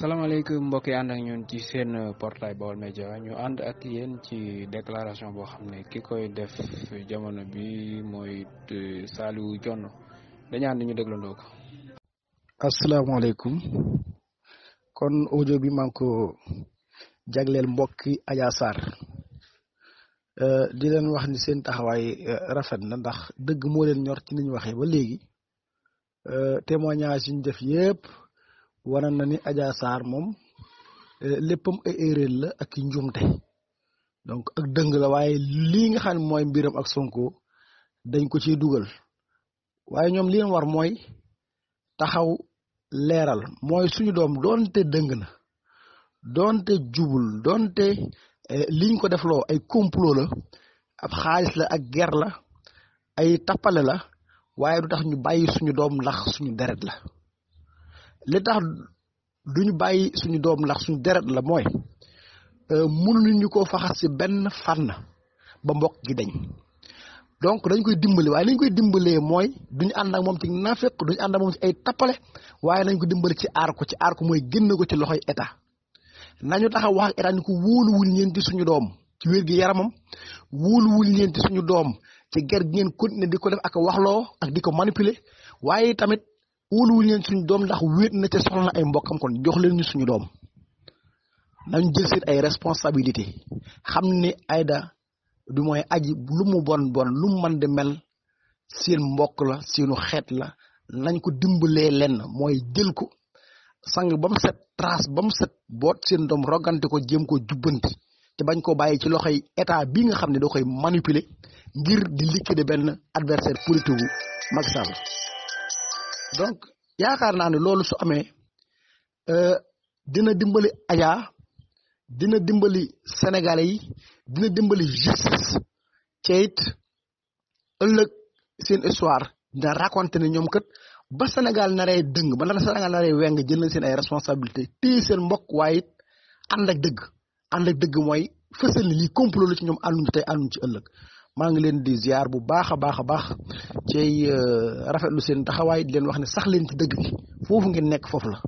salaamaaleykum mbokk yi ànd ak ñun ci seen euh, portail Baol Média ñu ànd ak yéen ci déclaration boo xam ne ki koy def jamono bi mooy euh, Saliou Dione dañu ànd ñu déglandoo ko. asalaamaaleykum kon ojo bi maa ngi ko jagleel mbokki Adja Sarr euh, di leen wax ni seen taxawaay rafet na ndax dëgg moo ñor ci ni ñu waxee ba léegi témoignage yi ñu def yépp. wane na ni Adja moom eh, léppam ay erreur la ak i njuumte donc ak dëng la waaye lii nga xam mooy mbiram ak Sonko dañ ko ciy dugal waaye ñoom li war mooy taxaw leeral mooy suñu doom doonte dëng na doonte jubul doonte eh, liñ ko defloo ay complot la ab xaalis la ak ger la ay tappale la waaye du tax ñu bàyyi suñu doom ndax suñu deret la li tax du duñu bàyyi suñu doom ndax suñu deret la mooy euh, ñu ko faxas ci benn na ba mbokk gi dañ donc dañ koy dimbali waaye lañ koy dimbalee mooy duñu ànd ak moom ci nafeq duñu ànd ak moom ci ay tappale waaye nañ ko dimbali ci aar ko ci aar ko mooy génn ko ci loxoy état nañu taxaw wax ak ni ko wóoluwul ñeen ci suñu doom ci wér gi yaramam wóoluwul ñeen ci suñu doom ci ger gi ngeen continuer di ko def ak waxloo ak di ko manipuler waaye wóoluwuñ leen suñu doom ndax wéet na te soxla na ay mbokkam kon jox leen ñu suñu doom nañ jël seen ay responsabilité xam ni ayda du mooy aji lu mu bon bon lu mu mën di mel seen mbokk la seenu xeet la nañ ko dimbalee lenn mooy jël ko sang ba mu set trace ba mu set boot seen doom rogante ko jëm ko jubbanti te bañ ko bàyyi ci loxoy état bi nga xam ne doo koy manipuler ngir di liquider benn adversaire politique wu donc yaakaar naa ne loolu su amee euh, dina dimbali Adja dina dimbali sénégalais yi dina dimbali justice te it ëllëg seen histoire dina raconté ne ñoom kat ba Sénégal naree dëng ba la Sénégal naree weng jël nañ seen ay responsabilité téye seen mbokk waaye it ànd ak dëgg ànd dëgg mooy fësal ni lii la ci ñoom ànduñu tey ànduñu ci ëllëg maa ngi leen di ziar bu baax a baax a baax cay euh, rafetlu seen taxawaay di leen wax ne sax leen ci dëgg gi foofu ngeen nekk foofu la